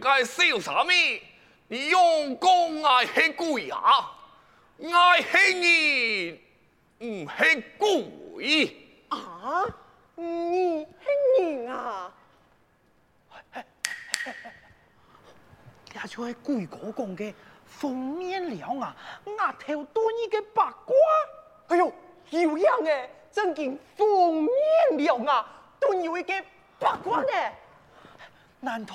該說啥咪？你用功係吃鬼呀，愛吃人唔吃鬼啊？你吃人啊？也就係《鬼國公》嘅封面獠牙額頭多一個八卦。哎呦，有樣誒！真經封面獠牙多一嘅八卦呢？難道？